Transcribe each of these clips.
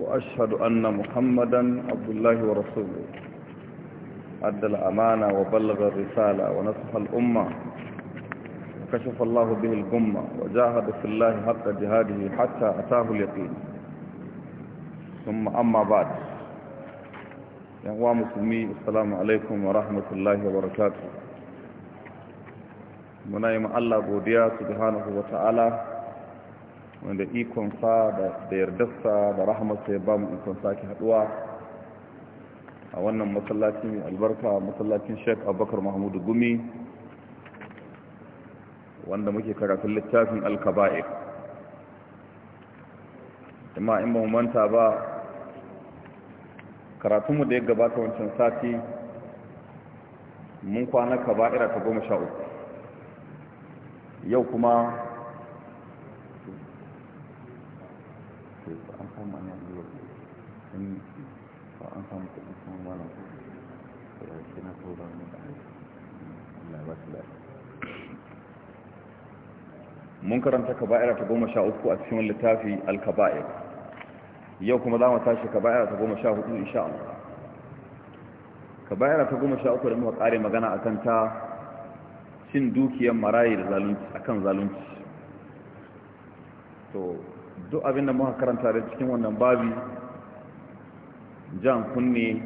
وأشهد أن محمدا عبد الله ورسوله أدى الأمانة وبلغ الرسالة ونصح الأمة وكشف الله به الغمة وجاهد في الله حق جهاده حتى أتاه اليقين ثم أما بعد يهوى مسلمي السلام عليكم ورحمة الله وبركاته muna yi Allah godiya su wa ta'ala wanda sa da yardarsa da rahamarsa ya ba mu ikon sake haduwa a wannan matsalacin albarka matsalacin sheik abubakar mahmudu gumi wanda muke karatun littafin alkaba'ir amma in ba manta ba karatunmu da ya gabata wancan sati mun kwana kaba'ira ta goma sha yau kuma sun yi an samu kuɗin sun wani da na da Allah ba su mun karanta kaba'ira ta goma sha uku a cikin littafi al-kaba'ir yau kuma za mu tashi kaba'ira ta goma sha hudu insha Allah kaba'ira ta goma sha uku da muka kare magana akan ta cin dukiyar marayi da zalunci akan zalunci to duk abin da muka karanta da cikin wannan babi jan kunne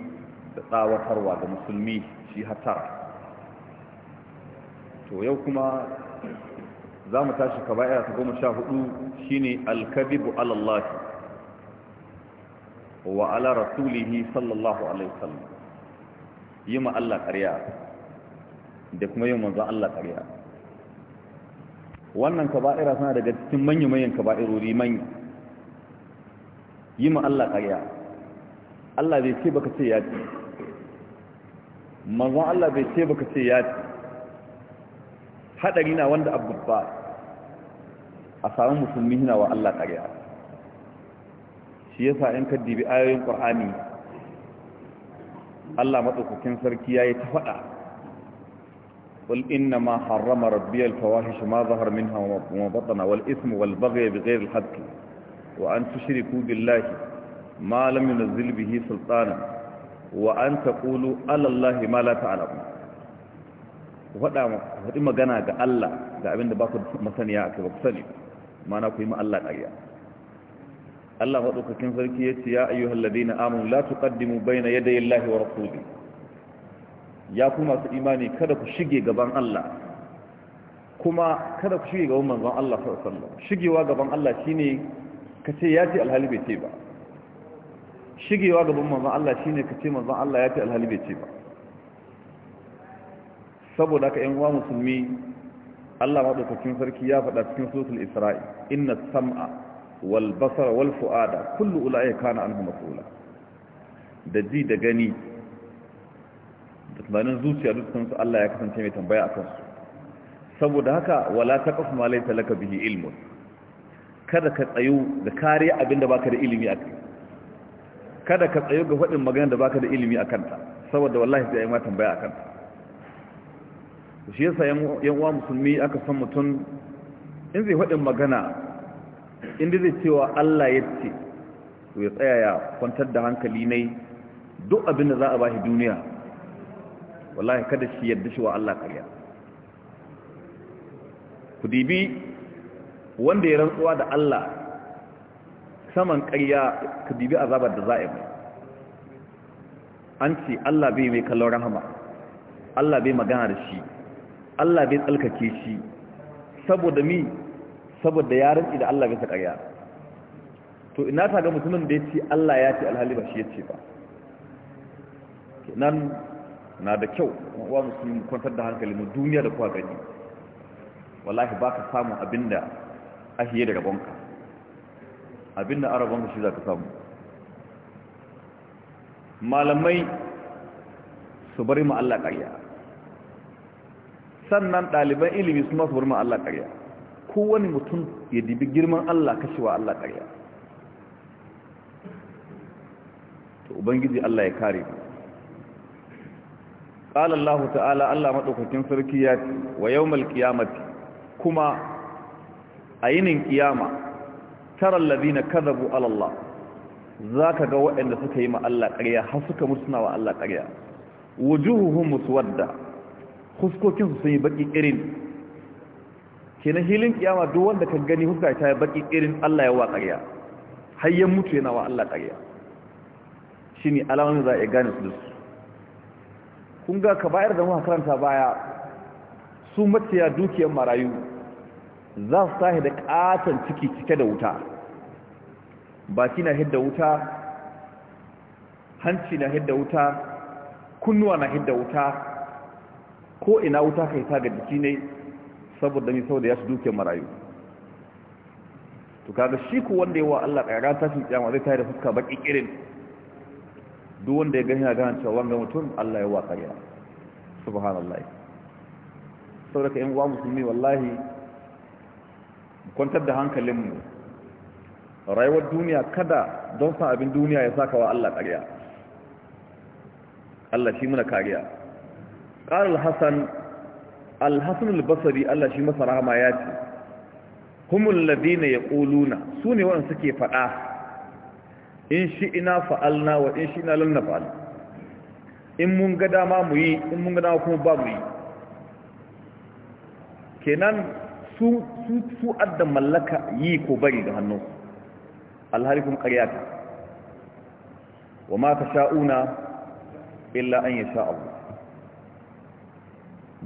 da tsawatarwa da musulmi shi hatara. to yau kuma za mu tashi kaba'ira ta goma sha hudu shine alkabibu alallahi wa ala rasulihi sallallahu alaihi sallam. yi ma Allah ƙarya da kuma yi manzan Allah ƙarya wannan kaba'ira suna daga cikin manya-manyan kaba'irori manya yi ma Allah ƙarya Allah bai ce baka ce ya ce manzon Allah bai ce baka ce ya ce haɗari na wanda abubuwa a samun musulmi hina wa Allah ƙarya shi yasa in ka dibi ayoyin ƙwar'ani Allah matsaukakin sarki ya yi ta faɗa قل إنما حرم ربي الفواحش ما ظهر منها وما بطن والإثم والبغي بغير الحق وأن تشركوا بالله ما لم ينزل به سلطانا وأن تقولوا على الله ما لا تعلمون faɗi magana ga Allah ga abin da masaniya a kai sani mana ku ma Allah ƙarya Allah faɗo kakin sarki ya ce ya ayyuhal ladina amanu la tuqaddimu bayna yadayi Allah wa ya ku masu imani kada ku shige gaban Allah kuma kada ku shige gaban manzon Allah sallallahu alaihi wasallam shigewa gaban Allah shine kace ya alhali bai ce ba shigewa gaban manzon Allah shine kace manzon Allah ya ce alhali bai ce ba saboda ka ƴan uwa musulmi Allah madaukakin sarki ya faɗa cikin suratul Isra'i inna sam'a wal basara wal fu'ada kullu ulaika kana anhu mas'ula da ji da gani da tunanin zuciya dukkan su Allah ya kasance mai tambaya a kansu, saboda haka wala taqaf ma laysa laka bihi ilmun kada ka tsayu da kare abin da baka da ilimi a kai kada ka tsayu ga faɗin magana da baka da ilimi a kanta saboda wallahi sai ai ma tambaya a kanta shi yasa yan uwa musulmi aka san mutum in zai faɗin magana inda zai cewa Allah ya ce to ya tsaya ya kwantar da hankali nai duk abin da za a bashi duniya wallahi kada shi yadda shi wa Allah ƙarya ku dibi wanda ya rantsuwa da Allah saman ƙarya ku dibi azabar da za'a an ce Allah bai mai kallon rahama Allah bai magana da shi Allah bai tsalkake shi saboda mi saboda ya rantsi da Allah bai sa ƙarya to ina ta ga mutumin da ya ce Allah ya ce alhali ba shi ya ce ba nan na da kyau uwa musulmi mu kwantar da hankali mu duniya da kuwa gani wallahi ba ka samu abinda ahiye da rabonka abinda a rabonka shi za ka samu malamai su bari mu Allah ƙarya sannan ɗaliban ilimi su su bari mu Allah ƙarya kowane mutum ya dibi girman Allah kashewa Allah ƙarya to ubangiji Allah ya kare mu qala Allah ta'ala Allah madaukakin sarki ya ce wa yawmal qiyamati kuma ayinin kiyama tara alladhina kadhabu ala Allah zaka ga waɗanda suka yi ma Allah ƙarya har suka musna wa Allah ƙarya wujuhuhum muswadda huskokin su sun yi baki irin kenan hilin kiyama duk wanda ka gani huska ta yi baki irin Allah ya wa ƙarya har ya mutu yana wa Allah ƙarya shine alamomin za a gane su kun ga ka bayar da muka karanta baya su maciya dukiyar marayu za su tahi da katon ciki cike da wuta baki na hidda wuta hanci na hidda wuta kunnuwa na hidda wuta ko ina wuta kai ta ga jiki ne saboda mai saboda ya su dukiyar marayu to da shi ku wanda yawa Allah ɗaya, ƙarar tashin ma zai tare da fuska baki ƙirin. duk wanda ya gani na gane cewa wanga mutum Allah ya waka ya subhanallahi saboda yan uwa musulmi wallahi kwantar da hankalin hankalinmu rayuwar duniya kada don san abin duniya ya saka wa Allah ƙarya Allah shi muna kariya qala al-hasan al-hasan al-basri Allah shi masa rahama ya ce humul ladina yaquluna sune wanda suke fada. in shi ina fa'alna wa in shi ina lanna fa'al in mun ga dama mu yi in mun ga dama kuma ba mu yi kenan su su su adda mallaka yi ko bari ga hannu alharikum qaryata wa ma tasha'una illa an yasha Allah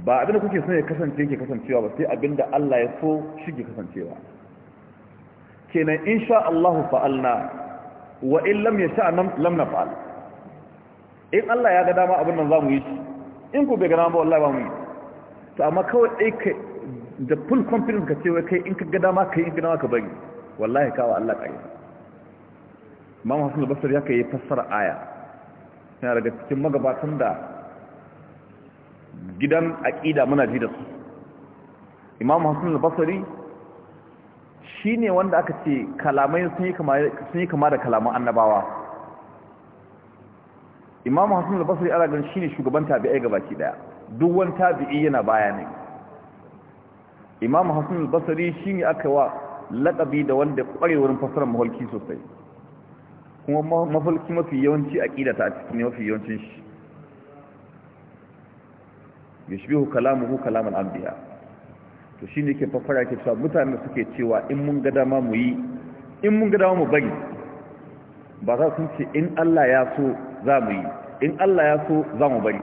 ba abinda kuke son ya kasance yake kasancewa ba sai abinda Allah ya so shi ke kasancewa kenan insha Allah fa'alna wa in lam yasha lam naf'al in Allah ya ga dama abin nan zamu yi in ku bai ga dama wallahi ba mu yi to amma kawai dai kai da full confidence ka ce wai kai in ka ga dama kai in ka dama ka bari wallahi kawo Allah kai Imam Hassan al-Basri kai yi fassara aya yana daga cikin magabatan da gidan aqida muna ji da su Imam Hassan al-Basri shi ne wanda aka ce kalamai sun yi kama da kalaman annabawa imamu hassan al-basri ana ganin shi ne shugaban tabi'ai baki daya duk wani tabi'i yana baya ne imamu hassan al-basri shi ne aka wa laƙabi da wanda ƙwarewarin fasarar maholki sosai kuma mafarki mafi yawanci a ƙidata ciki ne mafi yawancin shi kalamu kalamuhu kalaman anbiya to shi ne ke fafara ke cewa mutane suke cewa in mun ga dama mu yi in mun ga dama mu bari ba za su ce in Allah ya so za mu yi in Allah ya so za mu bari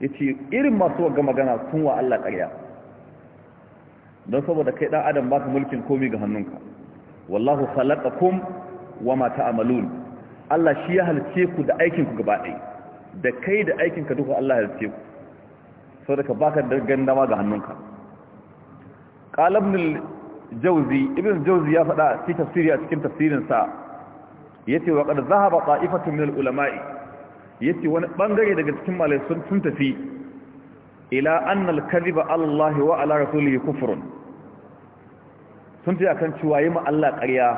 ya ce irin masu waga magana sun wa Allah ƙarya don saboda kai ɗan adam ba ka mulkin komi ga hannunka wallahu khalaqakum wa ma ta'malun Allah shi ya halce ku da aikin ku gaba ɗaya da kai da aikin ka duka Allah ya halce ku saboda ka baka da gandama ga hannunka qala ibn Jauzi jawzi ibn ya faɗa fi tafsiri a cikin tafsirinsa, ya ce wa qad zahaba qa'ifatun min al-ulama'i ce wani bangare daga cikin malai sun sun tafi ila anna al-kadhiba ala Allah wa ala rasulihi kufrun sun tafi akan cewa yi ma Allah ƙarya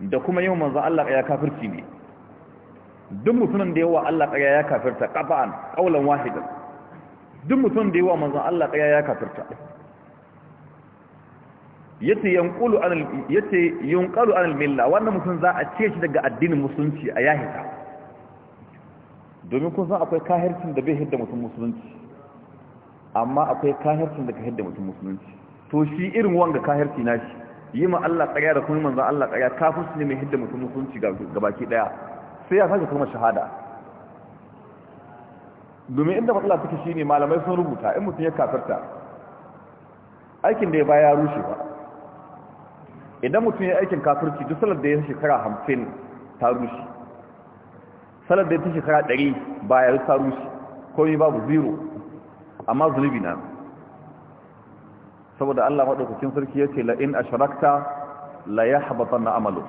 da kuma yi yin manzan Allah ƙarya kafirci ne duk mutumin da wa Allah ƙarya ya kafirta qafa'an qawlan wahidan duk mutum da wa manzan Allah ƙaya ya kafirta yace yanqulu an yace yunqalu an milla wannan mutum za a ce shi daga addinin musulunci a yahita domin kun san akwai kahircin da bai hidda mutum musulunci amma akwai kahircin da ka hidda mutum musulunci to shi irin wanga kahirci nashi yi ma Allah tsaya da kuma manzon Allah tsaya kafin su ne mai hidda mutum musulunci ga baki daya sai ya sake kuma shahada domin inda matsala take shine malamai sun rubuta in mutum ya kafirta aikin da ya baya ya rushe ba idan mutum ya aikin kafirci duk salar da ya shekara hamsin ta rushe salar da ya ta shekara ɗari ba ya ta rushe komi babu zero amma zunubi na saboda Allah maɗaukacin sarki ya ce la'in a sharakta la ya haɓatan na amalo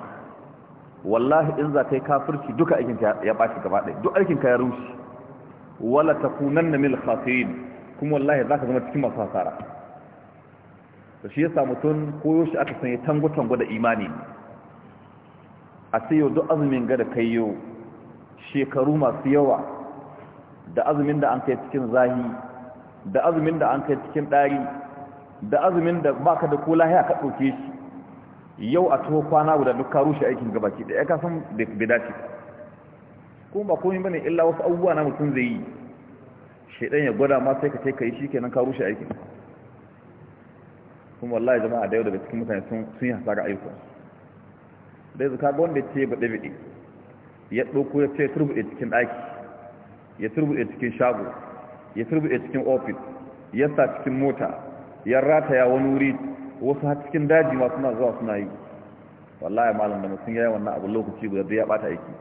wallahi in za ta yi kafirci duk aikinka ya ɓaci gaba ɗaya duk aikinka ya rushe wala ta kunan na mil khasirin kuma wallahi za ka zama cikin masu hasara to shi yasa mutum koyo shi aka sanya tango-tango da imani a sai yau duk azumin ga da kai yau shekaru masu yawa da azumin da an kai cikin zahi da azumin da an kai cikin ɗari da azumin da ba ka da ko lahiya ka ɗauke shi yau a tuho kwana guda duk karu shi aikin gabaki da ya kasan da bai dace kuma ba komai bane illa wasu abubuwa na mutum zai yi shaidan ya gwada ma sai ka kai ka yi shi kenan karu shi aikin kuma wallahi jama'a da yau daga cikin mutane sun yi hasara ayyukan dai zuka ga wanda ya ce baɗe baɗe ya ɗauko ya ce turbuɗe cikin ɗaki ya turbuɗe cikin shago ya turbuɗe cikin ofis ya sa cikin mota ya rataya wani wuri wasu har cikin daji ma suna zuwa suna yi wallahi malam da mutum ya yi wannan abu lokaci guda da ya ɓata aiki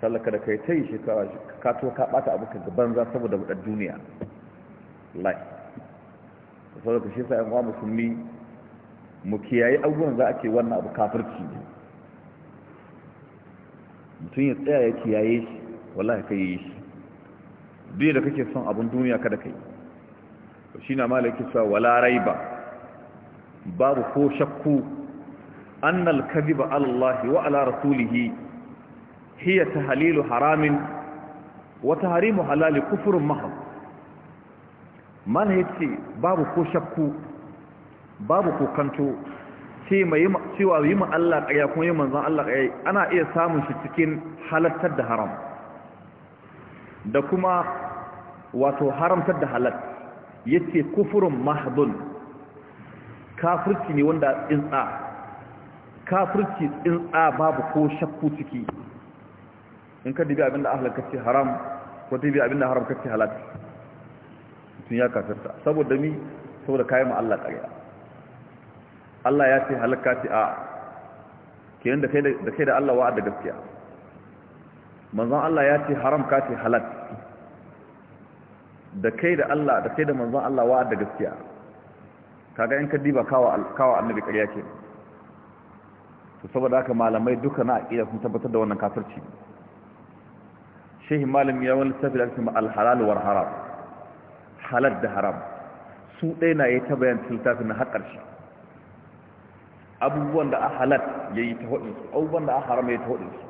sallaka da kai ta yi shekara ka to ka bata abu ka gaban za saboda buɗar duniya life da shi sa yan uwa musulmi mu kiyaye abubuwan za a ce wannan abu kafirci ne mutum ya tsaya ya kiyaye shi wallahi ka yi shi duk da kake son abin duniya kada ka yi shi na malaki sa wala ba. babu ko shakku annal kadhiba alallahi Allah wa ala rasulih hiya tahlilu haramin wa tahrimu halali kufrun mahab mana ya ce babu ko shakku babu ko kokanto cewa yi ma Allah ƙaya kuma yi manzan Allah ƙaya ana iya samun shi cikin halattar da haram da kuma wato haramtar da halat ya ce kufurin mahadun kafirci ne wanda tsinsa kafirci tsinsa babu ko shakku ciki in ka dubi abinda ahalar ce haram ko dubi abinda haram kace halat mutum ya kafirta saboda mi saboda kayan ma Allah ƙarya Allah ya ce halakka ce a kenan da kai da Allah wa'ad da gaskiya Manzan Allah ya ce haram ka ce halat. da kai da Allah da kai da manzan Allah wa'ad da gaskiya kaga in ka diba kawo annabi ƙarya ke to saboda haka malamai duka na aƙira sun tabbatar da wannan kafirci shehi malam ya wani tafi da al halal war haram halal da haram su ɗaya na ya ta bayan littafin na haƙar shi abubuwan da a halal ya yi ta haɗin su abubuwan da a haram ya yi ta haɗin su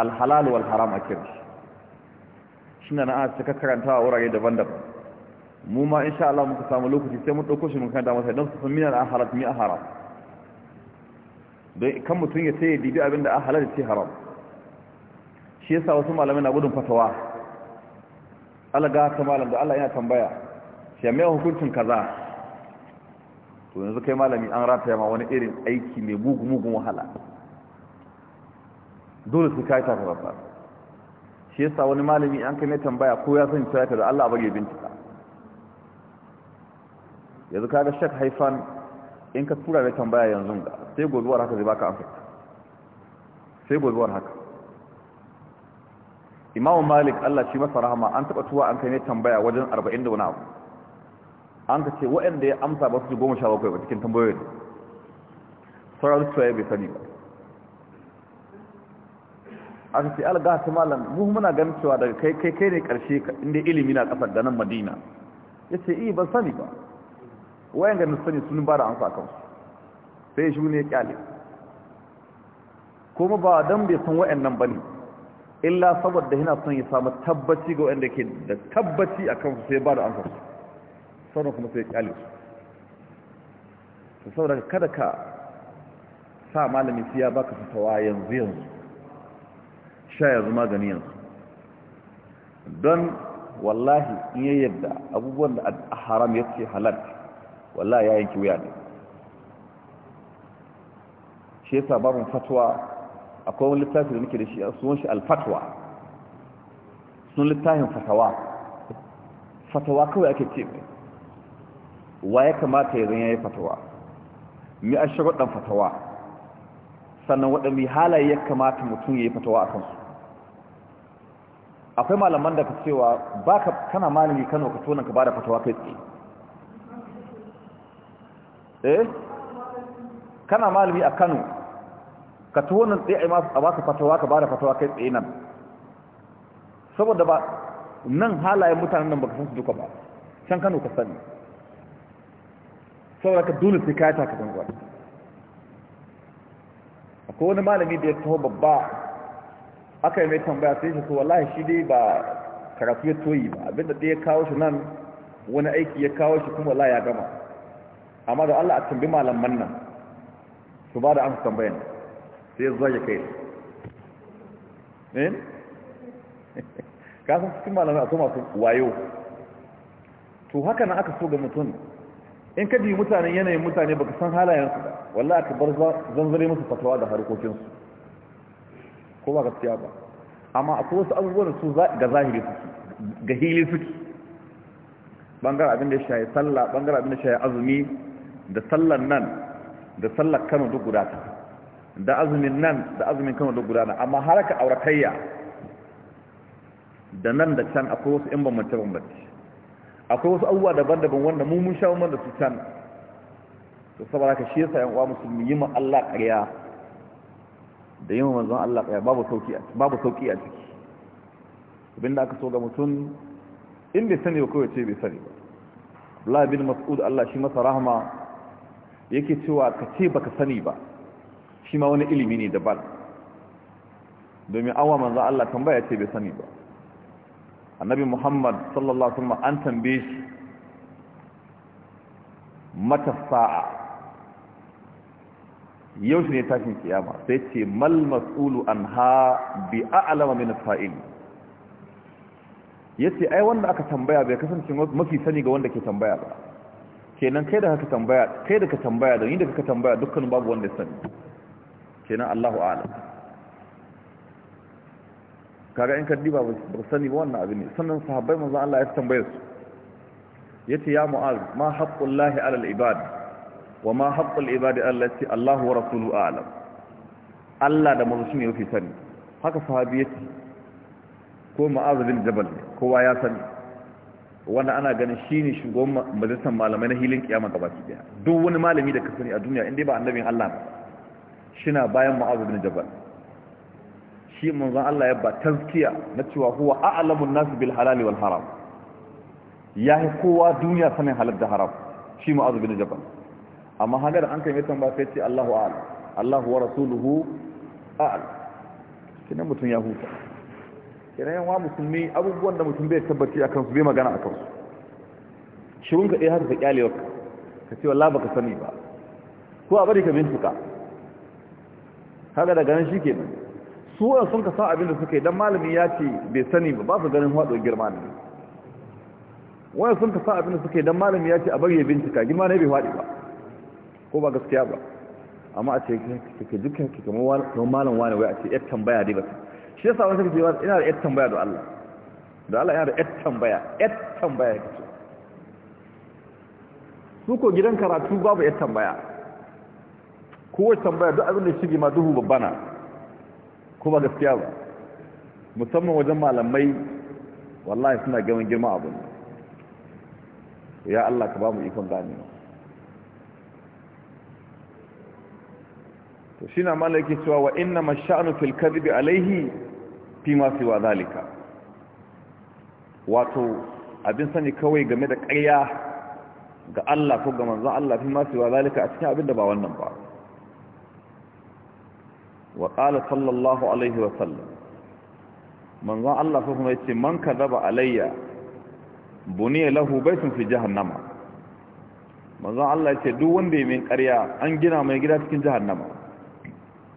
alhalal wal haram a kira shi shi na na'a suka karanta a wurare daban-daban mu ma in Allah muka samu lokaci sai mun ɗauko shi mun kanta masa don su san mina a halal mi a haram don kan mutum ya sai ya dibi abin da a halal ya ce haram shi yasa wasu malamai na gudun fatawa alga ta malam da Allah yana tambaya shi mai hukuncin kaza to yanzu kai malami an rataya ma wani irin aiki mai bugu mugun wahala dole su kai ta fafa shi yasa wani malami an kai mai tambaya ko ya san cewa da Allah bari bincika yanzu kaga shak haifan in ka tura mai tambaya yanzu sai gozuwar haka zai baka amsa sai gozuwar haka imamu malik allah shi masa rahama an taba tuwa an kai ne tambaya wajen arba'in da wani abu an ka ce waɗanda ya amsa ba su ji goma sha bakwai ba cikin tambayoyin sauran su ya bai sani ba a ka ce alga ta malam mu muna ganin cewa daga kai kai kai ne ƙarshe inda ilimi na ƙasar da nan madina ya ce iya ban sani ba wayan ganin sani sun ba da sa kansu sai shi ne ya kyale kuma ba don bai san waɗannan ba ne illa saboda yana son ya samu tabbaci ga wanda ke da tabbaci a kansu sai ba da amsar sauran kuma sai kyale su saboda kada ka sa malami su ya baka fitawa yanzu yanzu sha yanzu magani yanzu don wallahi in yi yadda abubuwan da a haram ya ce halar wallahi ya yanki wuya ne shi yasa babin fatwa akwai wani littafi da muke da shi sunan shi alfatwa sun littafin fatawa fatawa kawai ake ce mai wa ya kamata ya zan fatawa mi a sharuɗan fatawa sannan waɗanda halaye ya kamata mutum ya yi fatawa a kansu akwai malaman da ka cewa ba ka kana malami kano ka tona ka ba da fatawa kai tsaye eh kana malami a kano ka tuwo nan tsaye a ba ka fatawa ka ba da fatawa kai tsaye nan saboda ba nan halayen mutanen nan ba ka san su duka ba can kano ka sani saboda ka dole sai ka yi taka gangwar akwai wani malami da ya taho babba aka yi mai tambaya sai shi so lahi shi dai ba karatu ya toyi ba abinda dai ya kawo shi nan wani aiki ya kawo shi kuma wallahi ya gama amma da Allah a tambi malaman nan su ba da amsa tambayan sai ya kai ne eh? kasan cikin malamai a masu wayo to haka na aka so ga mutum in ka biyu mutane yanayin mutane baka san halayensu ba walla aka bar zanzare musu fatawa da harkokinsu ko ba gaskiya ba amma akwai wasu abubuwan su ga zahiri suke ga hili suke bangar abin da shaye sallah bangar abin da shaye azumi da sallan nan da sallar kano duk guda ta da azumin nan da azumin kan wadda gudana amma haraka auratayya da nan da can akwai wasu 'yan bambance-bambance akwai wasu abubuwa daban-daban wanda mu mun sha da su can to saboda ka shi yasa 'yan uwa musulmi yi ma Allah ƙarya da yi ma manzon Allah ƙarya babu sauƙi a ciki da aka so ga mutum in bai sani ba kawai ce bai sani ba Abdullah bin Mas'ud Allah shi masa rahama yake cewa ka ce baka sani ba shi ma wani ilimi ne daban domin awa manzan Allah tambaya ce bai sani ba annabi Muhammad sallallahu alaihi wasallam an tambaye shi mata sa'a yau shi ne tashin kiyama sai ce mal an ha bi a'lama min fa'il yace ai wanda aka tambaya bai kasance mafi sani ga wanda ke tambaya ba kenan kai da haka tambaya kai da ka tambaya da ni da ka tambaya dukkan babu wanda ya sani kenan Allahu a'lam kaga in kaddi ba ba sani ba wannan abin ne sannan sahabbai manzo Allah ya tambaye su yace ya mu'az ma ala 'alal ibad wa ma haqqul ibadi allati Allahu wa rasuluhu a'lam Allah da manzo shine yafi sani haka sahabi yace ko mu'az bin jabal kowa ya sani wanda ana ganin shine shugaban majalisar malamai na hilin kiyama gaba ki daya duk wani malami da ka sani a duniya inda ba annabin Allah ba shina bayan mu'azu bin jabal shi manzon Allah ya ba tazkiya na cewa huwa a'lamun nas bil halali wal haram yayi kowa duniya sanin halal da haram shi mu'azu bin jabal amma hagar an kai mutum ba sai ce Allahu a'lam Allahu wa rasuluhu a'lam kina mutum ya huta kina yawa musulmi abubuwan da mutum bai tabbaci akan su bai magana akan su shirun ka dai haka ka kyale ka ce wallahi baka sani ba ko a bari ka bincika kaga daga nan shi kenan su wanda sun ka san abin da suka yi dan malami ya ce bai sani ba ba su ganin hado girma ne wani sun ka san abin da suka yi dan malami ya ce a bari ya bincika girma ne bai hadi ba ko ba gaskiya ba amma a ce kike dukkan kike kamar malam wani wai a ce yar tambaya dai ba shi yasa wani kike ina da yar tambaya da Allah da Allah yana da yar tambaya yar tambaya kike su ko gidan karatu babu yar tambaya kowace tambaya duk abin da shige ma duhu babbana ko ba gaskiya ba musamman wajen malamai wallahi suna gaban girma abin ya Allah ka ba mu ikon gani to shi na malaki cewa wa inna masha'anu fil kadhibi alayhi fi ma fi zalika wato abin sani kawai game da ƙarya ga Allah ko ga manzon Allah fi ma fi zalika a cikin abin da ba wannan ba wa qala sallallahu alaihi wa sallam manzon Allah ko kuma yace man kadaba alayya buniya lahu bai sun fi jahannama manzan Allah yace duk wanda ya min ƙarya an gina mai gida cikin jahannama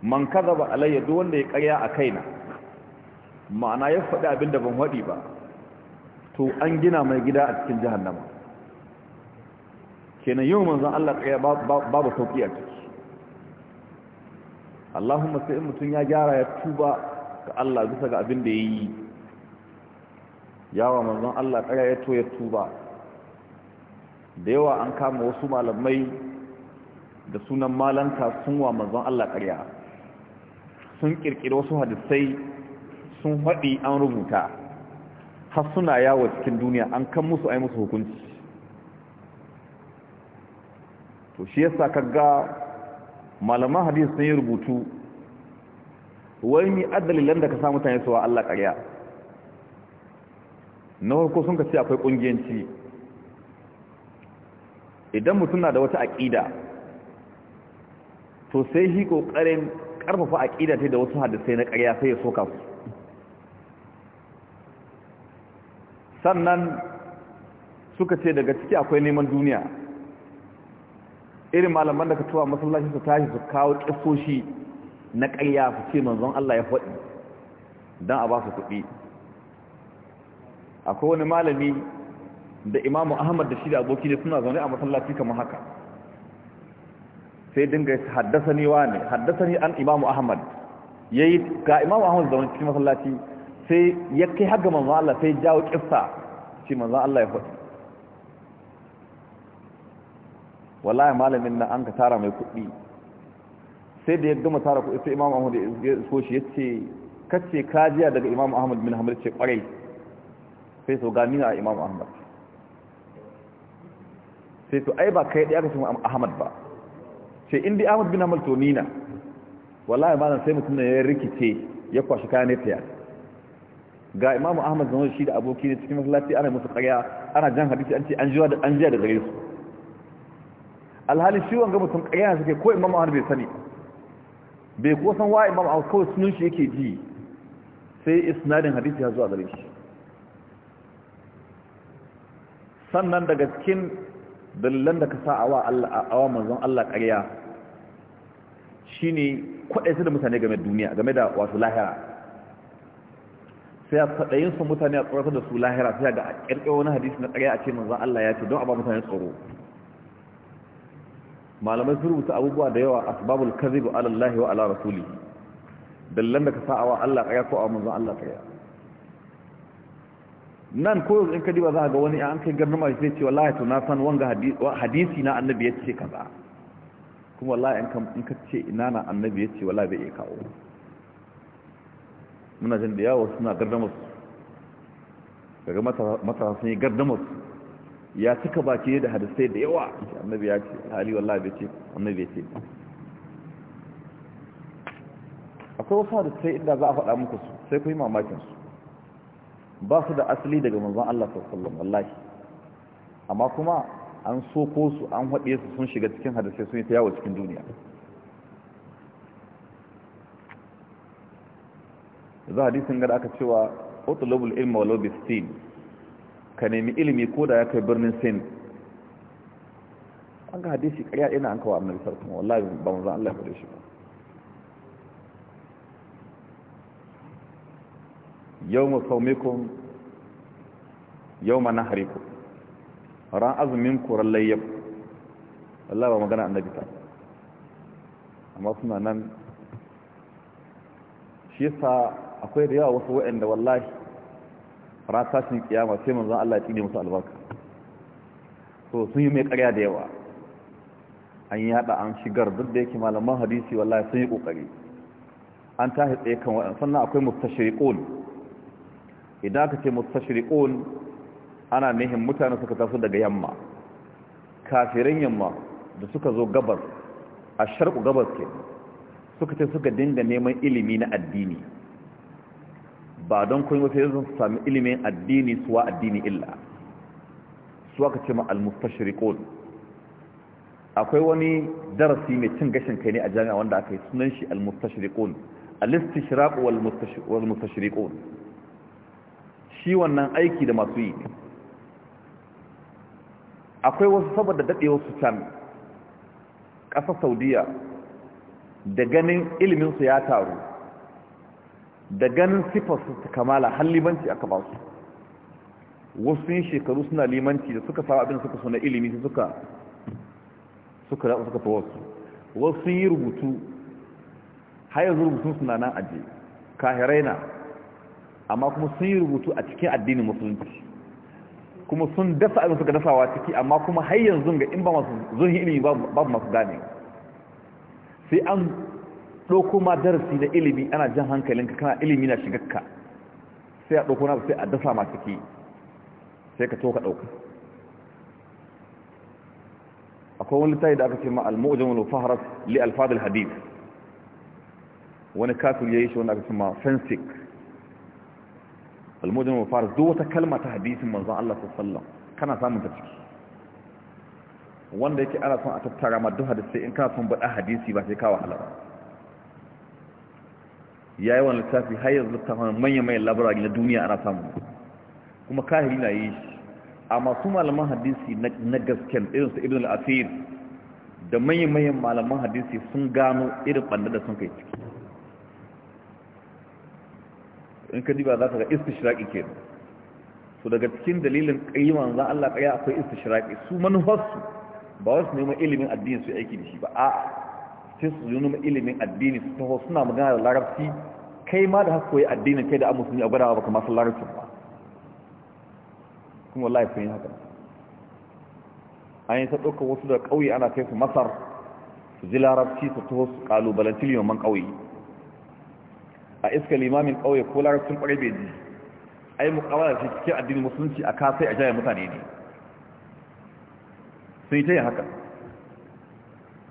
man ka kadaba alayya duk wanda ya ƙarya a kaina ma'ana ya faɗi abin da ban faɗi ba to an gina mai gida a cikin jahannama kenan yau manzan Allah ƙarya babu sauƙi a ciki Allahumma sai mutum ya gyara ya tuba ga Allah bisa ga abin da ya yi yawa manzon Allah ƙara ya to ya tuba da yawa an kama wasu malamai da sunan malanta sun wa manzon Allah ƙarya sun ƙirƙiri wasu hadisai sun haɗi an rubuta har suna yawo cikin duniya an kan musu ai musu hukunci to shi yasa kaga malaman hadisi sun yi rubutu wai mi adalilan da ka sa mutane suwa Allah ƙarya na farko sun ka ce akwai ƙungiyanci idan mutum na da wata aƙida to sai shi ƙoƙarin ƙarfafa aƙida ta da wasu hadisai na ƙarya sai ya soka su sannan suka ce daga ciki akwai neman duniya irin malaman da ka tuwa masallaci su tashi su kawo kisoshi na ƙarya su ce manzon Allah ya faɗi don a ba su kuɗi akwai wani malami da imamu ahmad da shi da aboki ne suna zaune a masallaci kamar haka sai dinga haddasa ni wa ne haddasa ni an imamu ahmad ya yi ga imamu ahmad zaune cikin masallaci sai ya kai haga manzon Allah sai jawo kissa ce manzon Allah ya faɗi wallahi malamin nan an ka tara mai kuɗi sai da ya gama tara kuɗi sai imam ahmad ya so shi ya ce kace kajiya daga imam ahmad bin hamad ce kwarai sai so ga nina a imam ahmad sai to ai ba kai da aka ce ahmad ba ce indi ahmad bin hamad to nina wallahi malam sai mutum ya rikice ya kwashi kaya ne ta ga imamu ahmad zama shi da aboki ne cikin masallaci ana musu karya ana jan hadisi an ce an jiya da gare su alhali shi wanga mutum kayan suke ko imam ahmad bai sani bai ko san wa imam ahmad ko sunan shi yake ji sai isnadin hadisi ya zuwa gare shi sannan daga cikin dalilan da ka sa awa Allah awa manzon Allah ƙarya shine kwaɗai su da mutane game da duniya game da wasu lahira sai a kwaɗayin su mutane a tsoratar da su lahira sai ga ƙirƙiro wani hadisi na ƙarya a ce manzon Allah ya ce don a ba mutane tsoro malamai sun rubuta abubuwa da yawa asbabul kadhib ala Allah wa ala rasuli dallan da ka sa awa Allah kaya ko a manzon Allah kaya nan ko in ka diba za ga wani an kai garnuma sai ce wallahi to na san wanga hadisi na annabi ya ce kaza kuma wallahi in ka ce ina na annabi ya ce wallahi bai iya kawo muna jin da yawa suna gardamus daga mata sun yi su ya cika baki da hadisai da yawa annabi ya ce hali wallahi bai ce annabi ya ce akwai wasu hadisai inda za a faɗa muku su sai kuma mamakin su ba su da asali daga manzon Allah sallallahu alaihi amma kuma an soko su an haɗe su sun shiga cikin hadisai sun yi ta yawo cikin duniya za a hadisin gada aka cewa utlubul ilma walau bistin ka nemi ilimi ko da ya kai birnin sin an ga hadisi ƙarya ina an kawo annabi sarkin wallahi ba mu zan Allah ya shi ba yau mu saumikun yau ma na hariku ran azumin kuran layyab Allah ba magana annabi ta amma suna nan shi sa akwai da yawa wasu wa'anda wallahi rata shi kiyama sai manzo Allah ya tsine musu albarka to sun yi mai ƙarya da yawa an yada an shigar duk da yake malaman hadisi wallahi sun yi kokari an tahi tsaye kan wannan sannan akwai mustashriqun idan ka ce mustashriqun ana nihin mutane suka taso daga yamma kafirin yamma da suka zo gabas a sharqu gabas ke suka ce suka dinga neman ilimi na addini ba don kun wata yanzu su sami ilimin addini suwa addini illa su aka ce ma al akwai wani darasi mai cin gashin kai ne a jami'a wanda aka yi sunan shi al a listi istishraq wal mustashriqun shi wannan aiki da masu yi akwai wasu saboda daɗe wasu can ƙasar saudiya da ganin iliminsu ya taru da ganin sifarsu ta kamala har limanci aka ba su wasu yin shekaru suna limanci da suka sawa abin suka suna ilimi su suka suka da suka fi wasu wasu yi rubutu har yanzu rubutun suna nan aji kahirai na amma kuma sun yi rubutu a cikin addinin musulunci kuma sun dasa abin suka dasawa ciki amma kuma har yanzu ga in ba masu zuhin ilimi babu masu gane sai an ɗauko ma darasi na ilimi ana jan hankalinka kana ilimi na shigarka sai a ɗauko na sai a dasa masu ke sai ka to ka ɗauka akwai wani littafi da aka ce ma al-mu'jam wal fahras li al-fadl hadith wani kafir yayi shi wanda aka ce ma fansik al-mu'jam wal fahras duk wata kalma ta hadisin manzon Allah sallallahu alaihi kana samun ta ciki wanda yake ana son a tattara ma duk hadisi in kana son bada hadisi ba sai ka wahala ba ya yi wa littafi har yanzu littafin manyan mayan labarai na duniya ana samu kuma kahiri na yi shi a masu malaman hadisi na gasken irin su ibn al-asir da manyan manyan malaman hadisi sun gano irin ɓanda da sun kai ciki in ka diba za ka ga istishraqi ke so daga cikin dalilin kayyiman za Allah ƙaya akwai istishraqi su manufarsu ba wasu neman ilimin addini su aiki da shi ba a'a sai su zunuma ilimin addini su taho suna magana da larabci kai ma da haka koyi addinin kai da abu sun yi abada ba kamar larabci ba kuma wallahi sun yi haka an yi ta ɗaukar wasu da ƙauye ana kai su masar su ji larabci su taho su ƙalubalanci liman ƙauye a iska limamin ƙauye ko larabcin ƙwarai bai ji a yi mukawar shi cikin addinin musulunci a kasai a jaya mutane ne sun yi ta yin haka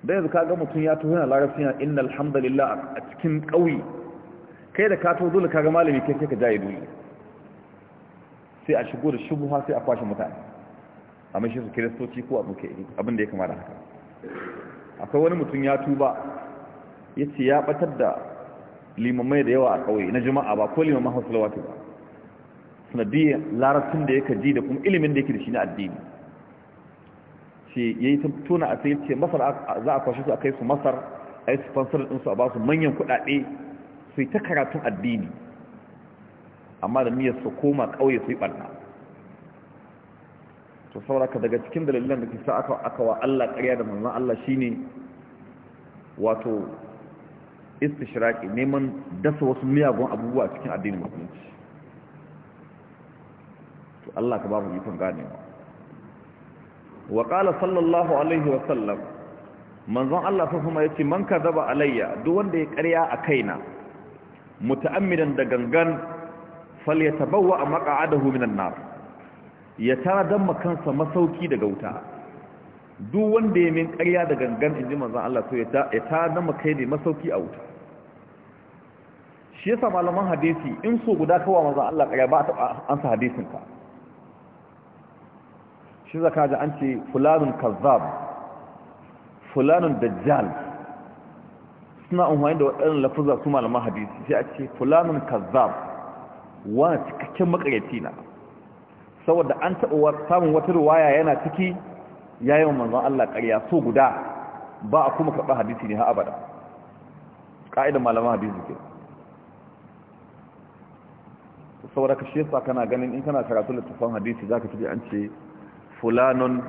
da yanzu kaga mutum ya tuhuna larabci na inna alhamdulillah a cikin ƙauye kai da ka tuhu dole kaga malami kai ka jaye duniya sai a shigo da shubuha sai a kwashe mutane a mashi su kiristoci ko abin da ya kama da haka akwai wani mutum ya tuba ya ce ya batar da limamai da yawa a ƙauye na juma'a ba ko limaman hausulawa ba sanadiyyar larabcin da ya kaji da kuma ilimin da yake da shi na addini ce yayi ta a sai ce masar za a kwashe su a kai su masar a yi sponsor din su a ba su manyan kuɗaɗe su ta karatun addini amma da niyyar su koma ƙauye su yi ɓarna to sauraka daga cikin dalilan da ke sa aka wa Allah ƙarya da manzon Allah shine wato istishraki neman dasa wasu miyagun abubuwa cikin addinin musulunci to Allah ka ba mu ikon ganewa wa qala sallallahu alaihi wa sallam manzon Allah ya alaihi man kadaba alayya duk wanda ya ƙarya a kaina muta'ammidan da gangan falyatabawwa maq'adahu minan nar ya tara dan makansa masauki daga wuta duk wanda ya min ƙarya da gangan inji manzon Allah to ya tara dan makai ne masauki a wuta shi yasa malaman hadisi in so guda kawa manzon Allah ƙarya ba ta ansa hadisin ka shi zaka ji an ce fulanun kazzab fulanun dajjal suna umarni da waɗannan lafuzar su malaman hadisi sai a ce fulanun kazzab wani cikakken makaryaci na saboda an taɓa samun wata ruwaya yana ciki yayin manzon Allah ƙarya so guda ba a kuma karɓar hadisi ne har abada ƙa'idar malaman hadisi ke saboda ka shi yasa kana ganin in kana karatu littattafan hadisi za ka tafi an ce fulanun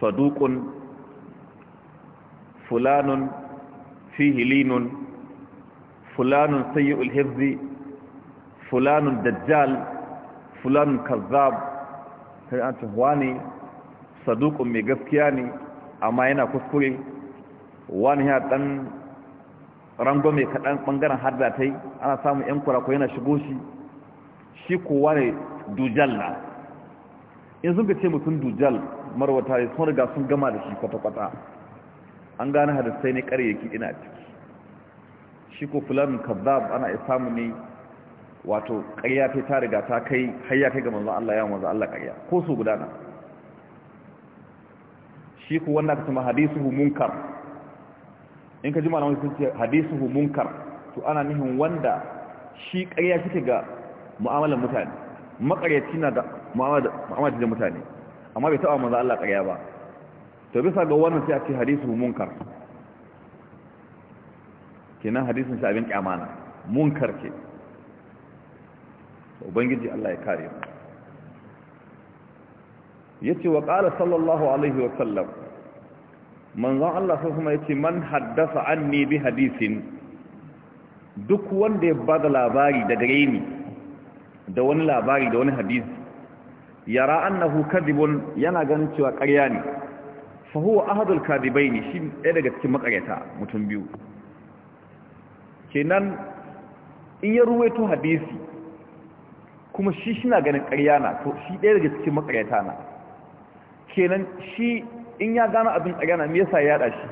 saduƙun, fulanun fihilinun, fulanun sayyi'ul hifzi fulanun dajjal fulanun kazzab sai an tuwa wani saduƙun mai gaskiya ne amma yana kuskure wani ya ɗan rango mai kaɗan ɓangaren hadda ta yi ana samun 'yan kurako yana shigo shi shi kowa ne dujalla in sun ce mutum dujal marwata ya sun riga sun gama da shi kwata-kwata an gane hadisai ne ki ina ciki shi ko fulanin kazzab ana isa mu ne wato ƙarya ta ta riga ta kai hayya kai ga manzon Allah ya manzon Allah ƙarya ko su gudana shi ko wannan ka tuma hadisuhu munkar in ka ji malamai sun ce hadisuhu munkar to ana nihin wanda shi ƙarya kike ga mu'amalar mutane makaryaci na da mu'amala da mutane amma bai taɓa Maza Allah ƙarya ba to bisa ga wannan sai a ce hadisu munkar Ke kenan hadisin shi abin kyamana munkar ke ubangiji Allah ya kare mu ce wa qala sallallahu alaihi wa sallam manzon Allah sai kuma ce man haddasa anni bi hadisin duk wanda ya bada labari da gare ni da wani labari da wani hadisi yara annahu kadibun yana ganin cewa ƙarya ne fa huwa ahadul kadibaini shi ɗaya daga cikin makaryata mutum biyu kenan in ya ruwaito hadisi kuma shi shi na ganin ƙarya na to shi ɗaya daga cikin makaryata na kenan shi in ya gano abin ƙarya na me yasa ya yada shi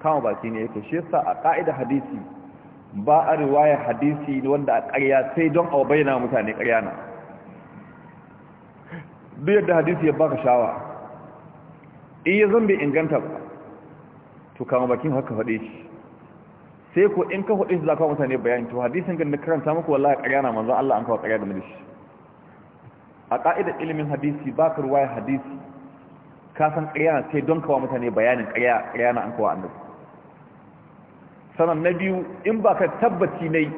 kama baki ne yake shi yasa a ƙa'ida hadisi ba a riwaya hadisi wanda a ƙarya sai don a bayyana mutane ƙarya na duk yadda hadisi ya baka shawa in ya zambi bai inganta ba to kama bakin haka faɗe shi sai ko in ka faɗe shi za ka mutane bayani to hadisin kan karanta muku wallahi ƙaryana na manzo Allah an kawo ƙarya da mulki a ƙa'idar ilimin hadisi ba ka ruwaya hadisi ka san ƙaryana sai don kawo mutane bayanin ƙarya an kawo annabi sanan na biyu in ba ka tabbaci ne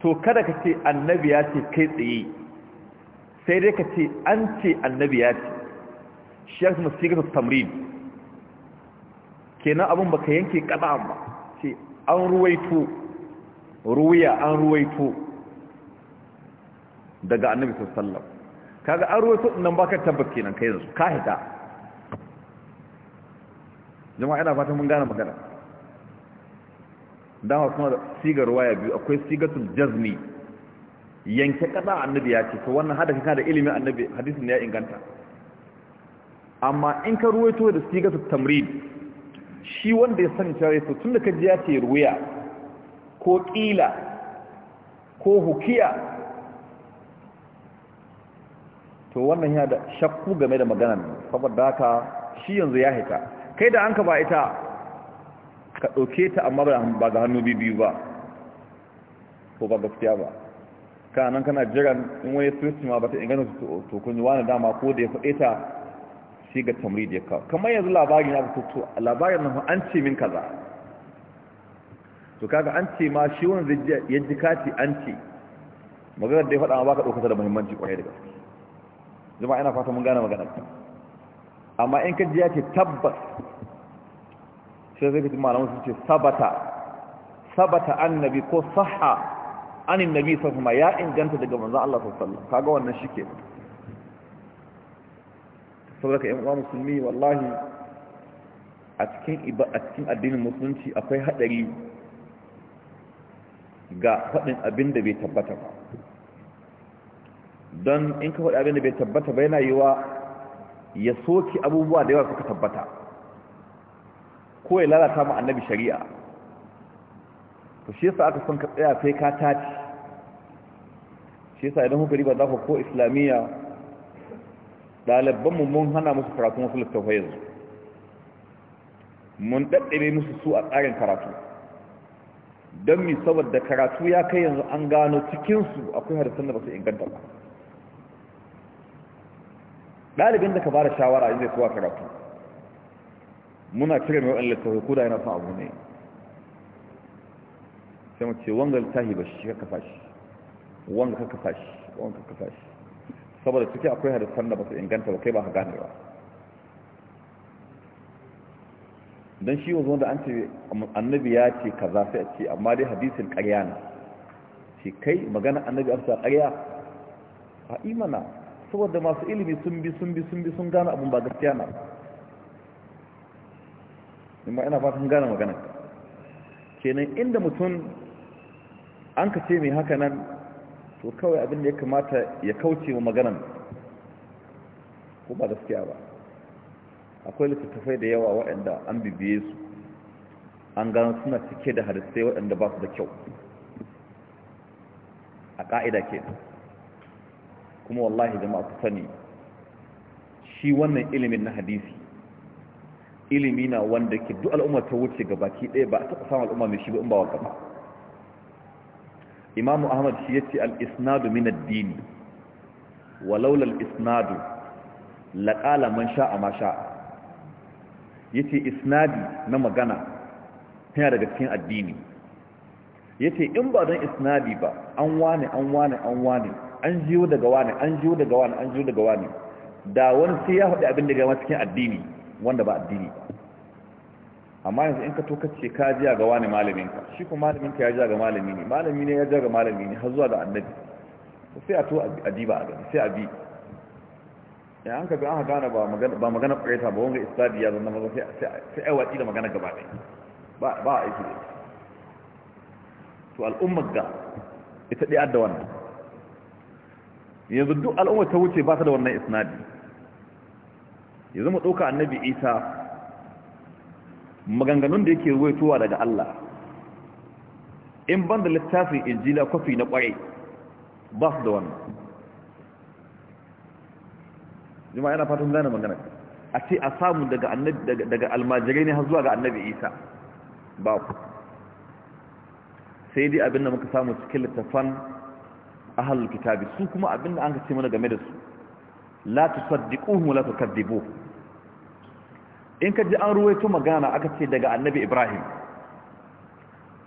to kada ka ce annabi ya ce kai tsaye sai dai ka ce an ce annabi ya ce shi ya kuma sigar tamrin kenan abin ba ka yanke kada ba ce an ruwaito ruwaya an ruwaito daga annabi sallar. kaga an ruwaito nan baka tabbata kenan kai yanzu ka hita jama'a yana fatan mun gane magana dan kuma sigar ruwaya biyu akwai sigar jazmi yanke kada annabi ya ce to wannan hada kana da ilimin annabi hadisin ya inganta amma in ka ruwaito da sigatu tamrid shi wanda ya san cewa to tunda ka ji ya ce ruwaya ko kila ko hukiya to wannan ya da shakku game da maganar saboda haka shi yanzu ya hita kai da an ka ba ita ka ɗauke ta amma ba ga hannu biyu ba ko ba gaskiya ba ka nan kana jiran in wani sunci ma ba ta ingana su kun wani dama ko da ya faɗe ta shi ga tamri da ya kawo kamar yanzu labarin ya fito labarin nan an ce min kaza to kaga an ce ma shi wani zai ya ji kati an ce maganar da ya faɗa ma baka ɗaukata da muhimmanci ƙwarai da gaske zama ina fata mun gane maganar ta amma in ka ji ya ce tabbas sai zai fi malamai su ce sabata sabata annabi ko sahha anin nabi safuma ya inganta daga manzan Allah sassallam kaga wannan shi ke saboda 'yan uwa musulmi wallahi a cikin addinin musulunci akwai haɗari ga faɗin abin bai tabbata ba don in ka faɗi abin bai tabbata ba yana yiwa ya soki abubuwa da yawa suka tabbata ko ya lalata ma annabi shari'a to shi yasa aka son ka tsaya sai ka tace shi yasa idan kuka riba za ku ko islamiyya mu mun hana musu karatu wasu littattafai yanzu mun ɗaɗɗabe musu su a tsarin karatu don mi saboda karatu ya kai yanzu an gano cikinsu akwai har da ba su inganta ba ɗalibin da ka ba da shawara yanzu kowa karatu muna cire mai wa'in littattafai ko da yana son abu ne sai mace wanga littafi ba shi ka kafa shi wanga ka kafa shi wanga ka kafa shi saboda ciki akwai hadisan da ba su inganta ba kai ba ka gane ba don shi wanzu da an ce annabi ya ce kaza sai a ce amma dai hadisin ƙarya ne ce kai magana annabi a sa ƙarya a imana saboda masu ilimi sun bi sun bi sun bi sun gane abun ba gaskiya na ba ina fatan gane magana kenan inda mutum an ka ce mai haka nan to kawai abin da ya kamata ya kauce wa maganan ko ba gaskiya ba akwai littattafai da yawa waɗanda an bibiye su an gano suna cike da hadisai waɗanda ba su da kyau a ƙa'ida ke kuma wallahi jama'a masu sani shi wannan ilimin na hadisi ilimi na wanda ke duk al'ummar ta wuce ga baki ɗaya ba a taɓa samun al'umma mai shi ba in ba wa gaba imamu ahmad shi yace al-isnadu min ad-din walaula al-isnadu laqala man sha'a ma sha'a yace isnadi na magana yana daga cikin addini yace in ba don isnadi ba an wane an wane an wane an jiyo daga wane an jiyo daga wane an jiyo daga wane da wani sai ya faɗi abin da gama cikin addini wanda ba addini ba amma yanzu in ka to ka ce ka jiya ga wani malamin ka shi kuma malamin ka ya jiya ga malami ne malami ne ya jiya ga malami ne har zuwa ga annabi sai a to a diba a gani sai a bi ya an ka ga an gane ba magana ba ba wanga istadi ya zanna maza sai ai watsi da magana gaba ɗaya ba ba aiki da to al'ummar ga ita ɗaya da wannan yanzu duk al'ummar ta wuce ba ta da wannan isnadi yanzu mu ɗauka annabi isa maganganun da yake tuwa daga Allah in ban da littafin injila kwafi na kwarai ba su da wannan jima yana fatan zane magana a ce a samu daga almajirai ne har zuwa ga annabi isa ba ku sai dai abinda muka samu cikin littafan ahalul kitabi su kuma abinda an ka ce mana game da su la mu la kaddibu in ka ji an ruwaito magana aka ce daga annabi ibrahim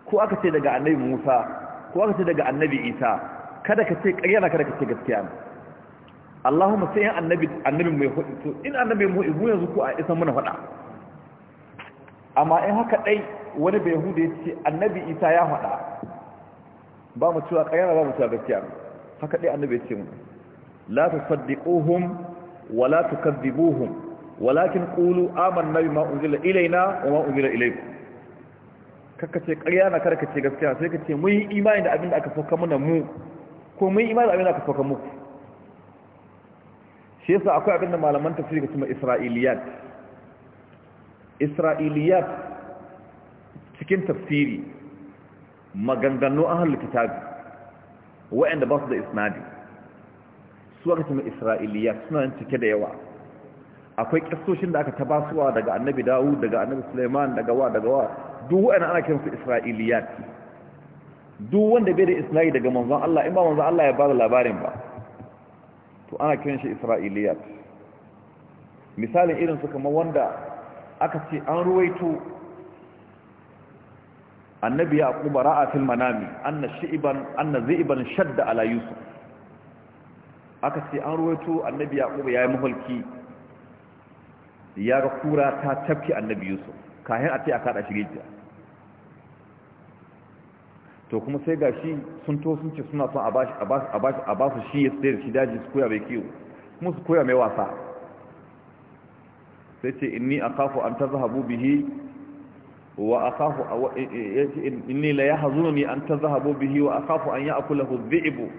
ko aka ce daga annabi musa ko aka ce daga annabi isa kada ka ce ƙaryana kada ka ce gaskiya allahumma sai yin annabi annabi mai hudu in annabi mu ibu yanzu ko a isa muna faɗa amma in haka ɗai wani bai hudu ya ce annabi isa ya faɗa ba mu cewa ƙaryana ba mu cewa gaskiya haka ɗai annabi ya ce mu la tusaddiquhum wa la tukaddibuhum walakin qulu amanna bima unzila ilaina wa ma unzila ilaykum kakace ƙarya na karkace gaskiya sai kace mun yi imani da abin da aka sauka muna mu ko mun yi imani da abin da aka sauka muku shi yasa akwai abin da malaman tafsiri ga kuma isra'iliyat isra'iliyat cikin tafsiri maganganu ahlul kitab wa'anda ba su da isnadi su ga cewa isra'iliyat suna cike da yawa akwai kistoshin da aka tabasuwa daga annabi Dawu, daga annabi suleiman daga wa daga wa duk wa'annan ana kiransu isra'iliyat duk wanda bai da isra'i daga manzon Allah in ba manzon Allah ya bada labarin ba to ana kiran shi isra'iliyat misalin irin su kamar wanda aka ce an ruwaito annabi ya aquba ra'a fil manami anna shi'ban anna zi'ban shadda ala yusuf aka ce an ruwaito annabi ya aquba yayi mulki ya ga kura ta tafki annabi yusuf kayan a ce a kada shi ta to kuma sai ga shi sun to sun ce suna son a ba su shi ya tsaye da shi daji su koya mai kiwo kuma su koya mai wasa sai ce inni a kafu an ta zahabu bihi wa a kafu eh, eh, inni la ya hazuna ni an ta zahabu bihi wa a kafu an ya akula hu zi'ibu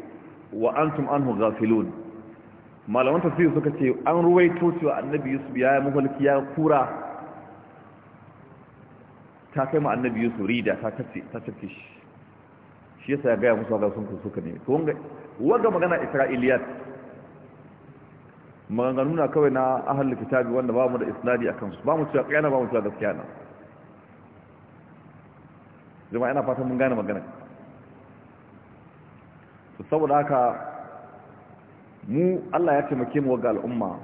wa an tum an hu gafilun malaman tafsir suka ce an ruwaito cewa annabi yusuf ya yi mafalki ya kura ta kai ma annabi yusuf rida ta kace ta kace shi shi yasa ya gaya musu ga sun kusu ka ne to wanga wanga magana isra'iliyat maganganu na kawai na ahlul kitabi wanda ba mu da isnadi akan su ba mu cewa kiyana ba mu cewa gaskiya na jama'a ina fatan mun gane magana to saboda haka mu Allah ya taimake mu ga al'umma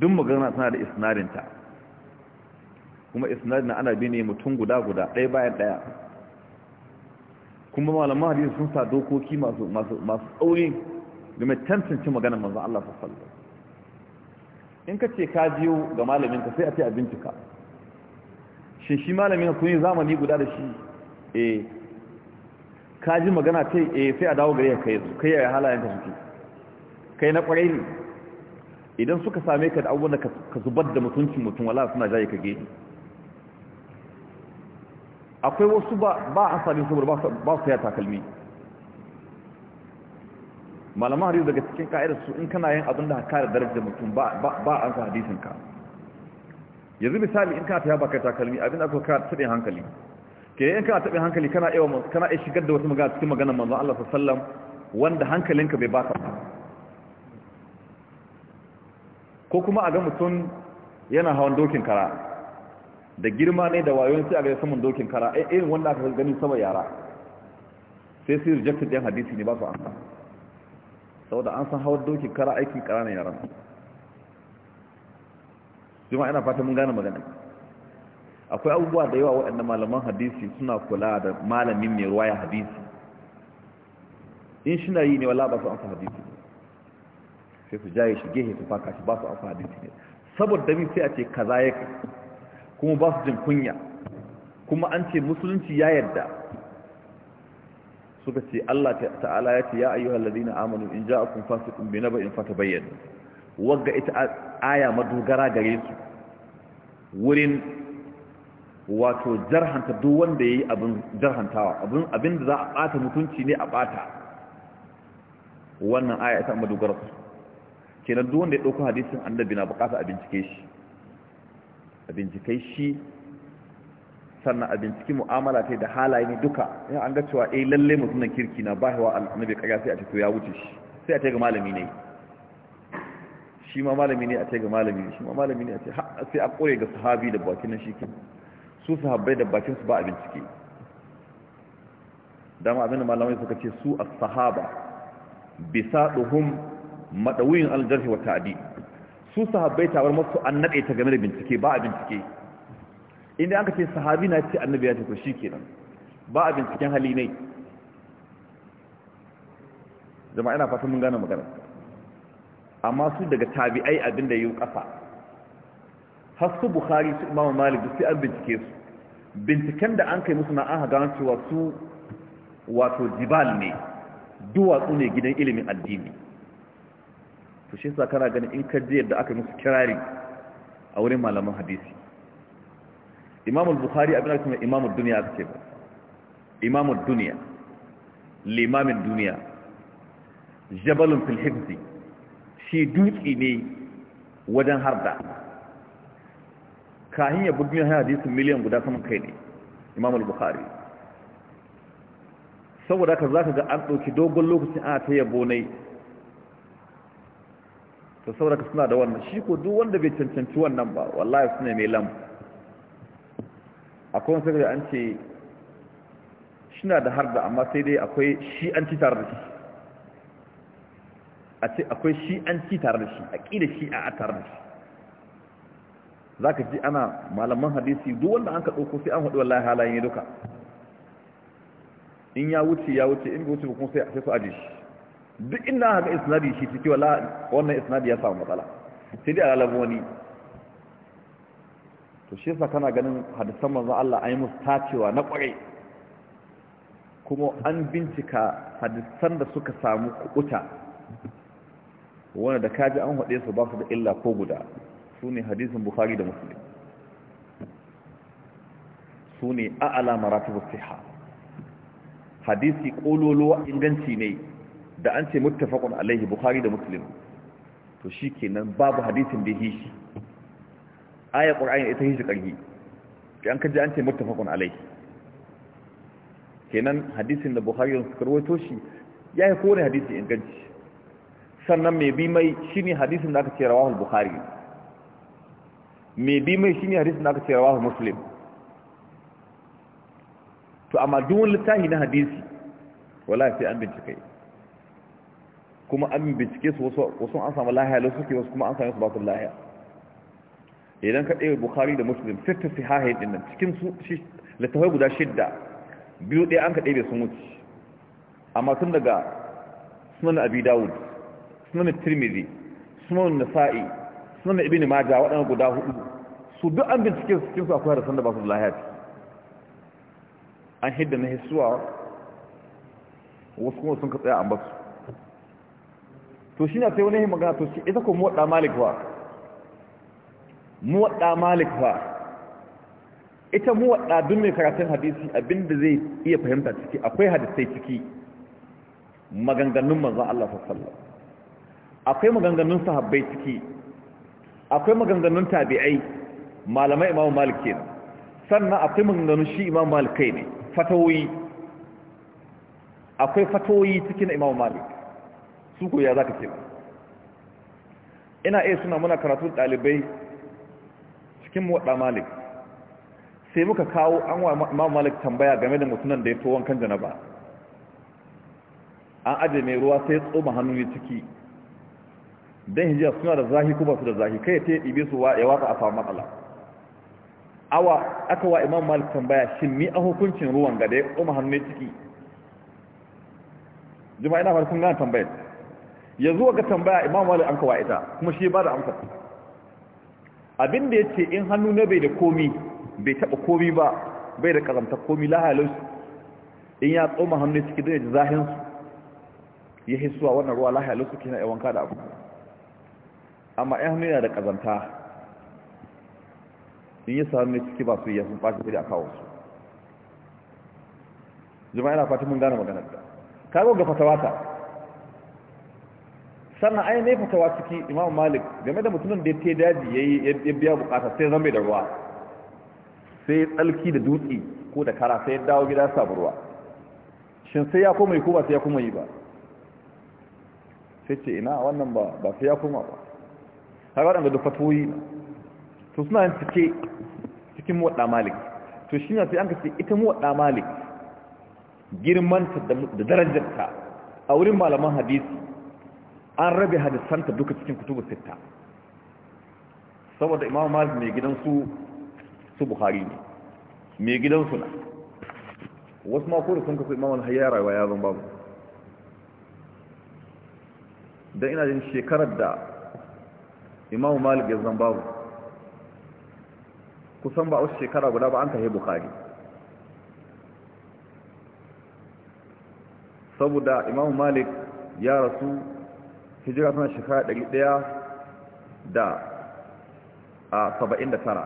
duk magana tana da isnadinta kuma isnadin ana bi ne mutum guda guda ɗaya bayan ɗaya kuma malaman hadisi sun sa dokoki masu masu masu tsauri game tantance maganar manzon Allah sallallahu alaihi in ka ce ka jiyo ga malamin ka sai a ce a bincika shi shi malamin kun yi zamani guda da shi eh ka ji magana ta eh sai a dawo gare ka kai kai ya halayen ka suke kai na kwarai ne idan suka same ka da abubuwan da ka zubar da mutuncin mutum wala suna jaye ka gefe akwai wasu ba a sami saboda ba su ya takalmi malaman hadisi daga cikin ka'idar su in kana yin abin da da darajar mutum ba a sa hadisin ka yanzu misali in kana tafiya baka takalmi abin da aka kara taɓe hankali ke in kana taɓe hankali kana iya shigar da wata magana cikin maganar manzan Allah Sallam wanda hankalinka bai baka ba ko kuma a ga mutum yana hawan dokin kara da girma ne da wayon sai a ga saman dokin kara eh, irin wanda aka gani sama yara sai sai rejected yan hadisi ne ba su sau saboda an san hawan dokin kara aikin kara na yaran juma ina fata mun gane magana akwai abubuwa da yawa waɗanda malaman hadisi suna kula da malamin mai ruwaya hadisi in shi na yi ne wala ba su san hadisi sai su jaye shi gehe su faka shi ba su amfani da ne saboda min sai a ce kaza yake kuma ba su jin kunya kuma an ce musulunci ya yadda suka ce Allah ta'ala ya ce ya ayyuhal ladina amanu in ja'akum fasiqun bi naba'in fatabayyanu wagga ita aya madogara gare su wurin wato jarhanta duk wanda yayi abin jarhantawa abin abin da za a bata mutunci ne a bata wannan aya ta madogara su kenan duk wanda ya dauko hadisin annabi na bukata a bincike shi a bincike shi sannan a mu'amala ta da halaye ne duka ya an ga cewa eh lalle mutumin kirki na ba wa annabi kaga sai a tafi ya wuce shi sai a ce ga malami ne shi ma malami ne a ce ga malami ne shi ma malami ne a ce sai a kore ga sahabi da bakin nan shi su sahabbai da bakin su ba a bincike dama da malamai suka ce su as-sahaba bisaduhum madawiyin aljarhi wa ta'adi su sahabbai bar masu an nade ta game da bincike ba a bincike inda an ce sahabi na ce annabi ya ce to shikenan ba a binciken hali ne jama'a ina fatan mun gane magana amma su daga tabi'ai abinda yi kafa har su bukhari su imamu malik sai an bincike su binciken da an kai musu na an haga cewa su wato jibal ne duwatsu ne gidan ilimin addini to shi sa kana ganin in ka je yadda aka musu kirari a wurin malaman hadisi imam al-bukhari abin da kuma imam ad-dunya aka ba imam ad-dunya limamin duniya jabalun fil hifzi shi dutse ne wajen harda kahin ya bugu hadisin miliyan guda saman kai ne imam al-bukhari saboda za zaka ga an ɗauki dogon lokacin a ta yabo ne ta sauraka suna da wannan shi ko duk wanda bai cancanci wannan ba wallahi suna mai lam akwai wani sarari an ce shi na da harda amma sai dai akwai shi an ci tare da shi a ce akwai shi an ci tare da shi a ƙida shi a tare da shi za ka ji ana malaman hadisi duk wanda an ka ɗauko sai an haɗu wallahi halayen ya duka in ya wuce ya wuce in bai wuce kuma sai a su aji shi duk inda haka isnadi shi ciki wala wannan isnadi ya samu matsala sai dai a lalabo wani to shi yasa kana ganin hadisan manzo Allah ayi musu tacewa na kware kuma an bincika hadisan da suka samu kuɓuta wanda da kaji an hade su ba su da illa ko guda sune hadisin bukhari da muslim sune a'ala maratibus sihha hadisi wa inganci ne da an ce muttafaqun alaihi bukhari da muslim to shikenan babu hadisin da yi shi aya qur'ani ita yake shi karhi an kaje an ce muttafaqun alaihi kenan hadisin da bukhari da suka rawaito shi yayi kore hadisi inganci sannan me bi mai shine hadisin da aka ce rawahu bukhari me bi mai shine hadisin da aka ce rawahu muslim to amma duk wani littafi na hadisi wala sai an bincike kuma an bincike su wasu an samu lahiya da suke wasu kuma an sami su batun lahiya idan ka ɗaya bukari da muslim fitta su hahayin ɗin nan cikin su littafai guda shidda biyu ɗaya an ka ɗaya sun wuce amma tun daga sunan abi dawud sunan tirmidhi sunan nasa'i sunan ibn majah waɗannan guda hudu su duk an bincike su cikin su akwai harasan da ba su ce. an hidda na hisuwa wasu kuma sun ka tsaya an basu to shi na sai wani yi magana to shi ita ko muwaɗa malik ba muwaɗa malik ba ita muwaɗa duk mai karatun hadisi abinda zai iya fahimta ciki akwai hadisai ciki maganganun manzan Allah sassallah akwai maganganun sahabbai ciki akwai maganganun tabi'ai malamai imamu malik kenan sannan akwai maganganun shi imamu malik kai ne fatawoyi akwai fatawoyi cikin imamu malik su ko ya za ka ce ina iya suna muna karatun ɗalibai cikin waɗa malik sai muka kawo an wa imam malik tambaya game da mutunan da ya to wankan janaba an aje mai ruwa sai tsoma hannu ne ciki don hijiya suna da zahi kuma su da zahi kai ta ibe su ya watsa a fa matsala awa aka wa imam malik tambaya shin ni a hukuncin ruwan ga da ya tsoma hannu ne ciki juma'a ina farkon gane tambayar Ya zuwa ga tambaya imam malik an kawai ita kuma shi ba da amsa abin da ce in hannu na bai da komi bai taba komi ba bai da karamta komi lahalus in ya tsoma hannu cikin da ya zahin su ya hisuwa wannan ruwa lahalus suke na yawanka da abu amma in hannu yana da kazanta in ya sa hannu ciki ba su ya sun ɓaci da kawo su jama'a yana fatan mun gane maganar Ka kago ga fatawata sannan ai ne fatawa ciki imam malik game da mutumin da ya daji yayi ya biya bukata sai zambe da ruwa sai tsalki da dutse ko da kara sai dawo gida sabu ruwa shin sai ya koma ko ba sai ya koma yi ba sai ce ina wannan ba ba sai ya koma ba har waɗanda da fatoyi to suna yin cike cikin muwaɗa malik to shi sai an ka ce ita muwaɗa malik Girman ta da darajarta a wurin malaman hadisi an rabe hadisanta duka cikin kutubu sita saboda imamu malik mai gidansu su buhari ne mai gidansu na wasu makonin sun kasu imamu hayya rayuwa ya zan babu don ina jin shekarar da imamu malik ya zan babu kusan ba wasu shekara guda ba an ta buhari saboda imamu malik ya rasu hijira tana shekara ɗari ɗaya da da saba'in tara.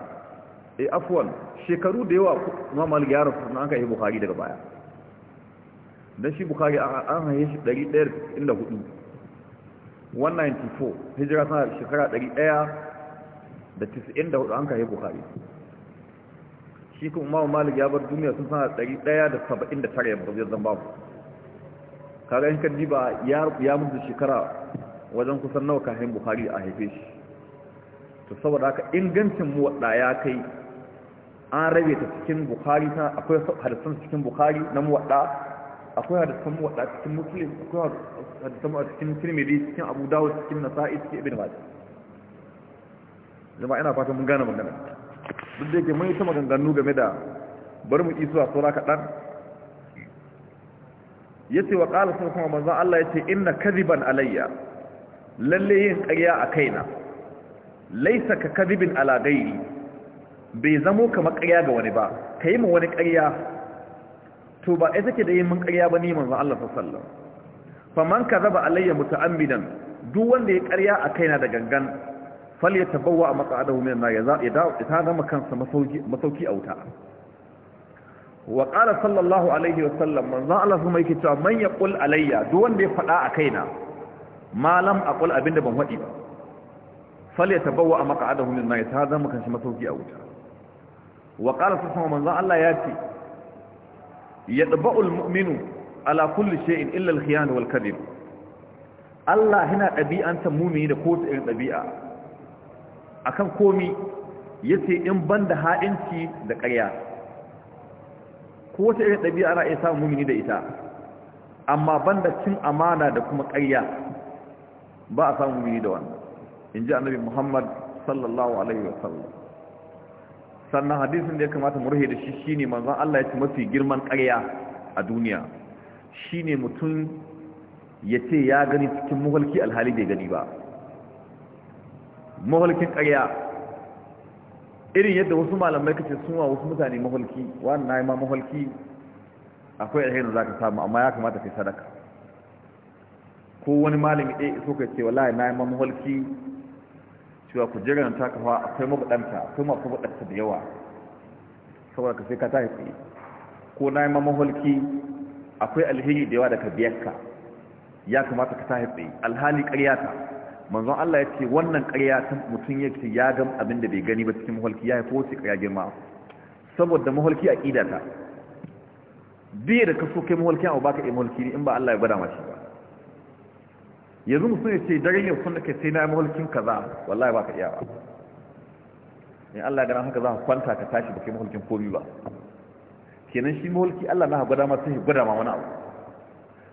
E eh, afuwan shekaru da yawa kuma malaga ya rasu an kai bukari daga baya don shi Bukhari an haye shi ɗari ɗaya da da 104 194 hijira tana shekara ɗari ɗaya da da hudu an kai bukari shi kuma umaru malaga ya bar duniya sun sana tara ya bar zan babu kaga in ka diba ya mutu shekara wajen kusan nawa kahin buhari a haife shi to saboda haka ingancin mu wadda ya kai an rabe ta cikin buhari ta akwai hadisan cikin buhari na mu wadda akwai hadisan mu wadda cikin muslim akwai hadisan mu wadda cikin tirmidhi cikin abu dawud cikin nasa'i cikin ibn majah jama'a ina fatan mun gane magana duk da yake mun yi ta maganganu game da bari mu isuwa saura kaɗan ya ce wa qala sun kuma manzan Allah ya ce inna kadiban alayya lalle yin ƙarya a kaina laisa ka kadibin ala bai zamo kamar ƙarya ga wani ba ka yi wani ƙarya to ba ai take da yin mun ƙarya ba ni manzon Allah sallallahu fa man ka kadaba alayya muta'ammidan duk wanda ya ƙarya a kaina da gangan fal ya tabawwa a maq'adahu min nar ya dawo ta zama kansa masauki masauki wuta. wa qala sallallahu alaihi wa sallam man za Allah kuma yake cewa man yaqul alayya duk wanda ya faɗa a kaina malam aqul abinda ban faɗi ba fal yatabawwa maq'adahu min nar ta zama kan shi masauki a wuta wa qala sama manzan Allah ya ce yadba'ul mu'minu ala kulli shay'in illa al-khiyan Allah yana ɗabi'anta mumini da kowace irin ɗabi'a akan komi yace in banda ha'inci da ƙarya kowace irin ɗabi'a ana iya samun mumini da ita amma banda cin amana da kuma ƙarya ba a samu mini da wannan in ji annabi muhammad sallallahu alaihi wa sallam sannan hadisin da ya kamata murhe da shi shine manzon Allah ya ce mafi girman ƙarya a duniya shine mutum ya ce ya gani cikin muhalki alhali bai gani ba muhalkin ƙarya irin yadda wasu malamai kace sun wa wasu mutane muhalki wannan nayi ma muhalki akwai alherin zaka samu amma ya kamata kai sadaka ko wani malami ɗaya iso ka ce wallahi na yi mamuhalki cewa ku jiran ta kafa akwai mabuɗanta akwai masu mabuɗanta da yawa saboda ka sai ka ta tsaye ko na yi mamuhalki akwai alheri da yawa da ka biyar ka ya kamata ka ta tsaye alhali ƙarya ka manzon Allah ya ce wannan ƙarya ta mutum ya ce ya gam abin da bai gani ba cikin mahalki ya haifo wace ƙarya girma saboda mahalki a ƙidata biye da ka so kai mahalki ba baka iya mahalki ne in ba Allah ya gwada mashi yanzu mutum ya ce daren yau sun da kai sai na mahulkin kaza wallahi ba ka iya ba in Allah gana haka za ka kwanta ka tashi ba kai mahulkin komi ba kenan shi mahulki Allah na gwada ma sai gwada ma wani abu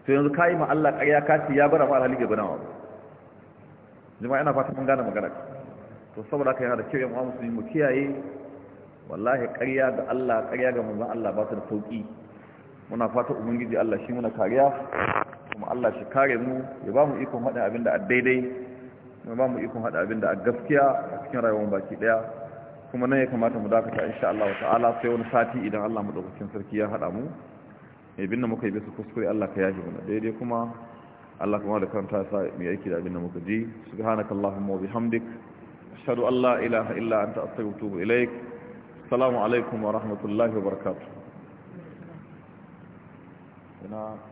to yanzu kayi ma Allah ƙarya ka ce ya gwada ma alhali ga gwada ma jama'a ina fata mun gane magana to saboda haka yana da kyau yan uwa musulmi mu kiyaye wallahi ƙarya ga Allah ƙarya ga manzon Allah ba su da sauki muna fata ubangiji Allah shi muna kariya kuma Allah shi kare mu ya ba mu ikon haɗin abin da a daidai ya ba mu ikon haɗin abin da a gaskiya a cikin rayuwar baki ɗaya kuma nan ya kamata mu dakata insha Allah ta'ala sai wani sati idan Allah mu daukakin sarki ya haɗa mu ibin da muka yi bisa kuskure Allah ka yaji mana daidai kuma Allah kuma da kanta sa mu aiki da abin da muka ji subhanakallahumma wa bihamdik ashhadu an la ilaha illa anta astaghfiruka wa ilaik assalamu alaikum wa rahmatullahi wa barakatuh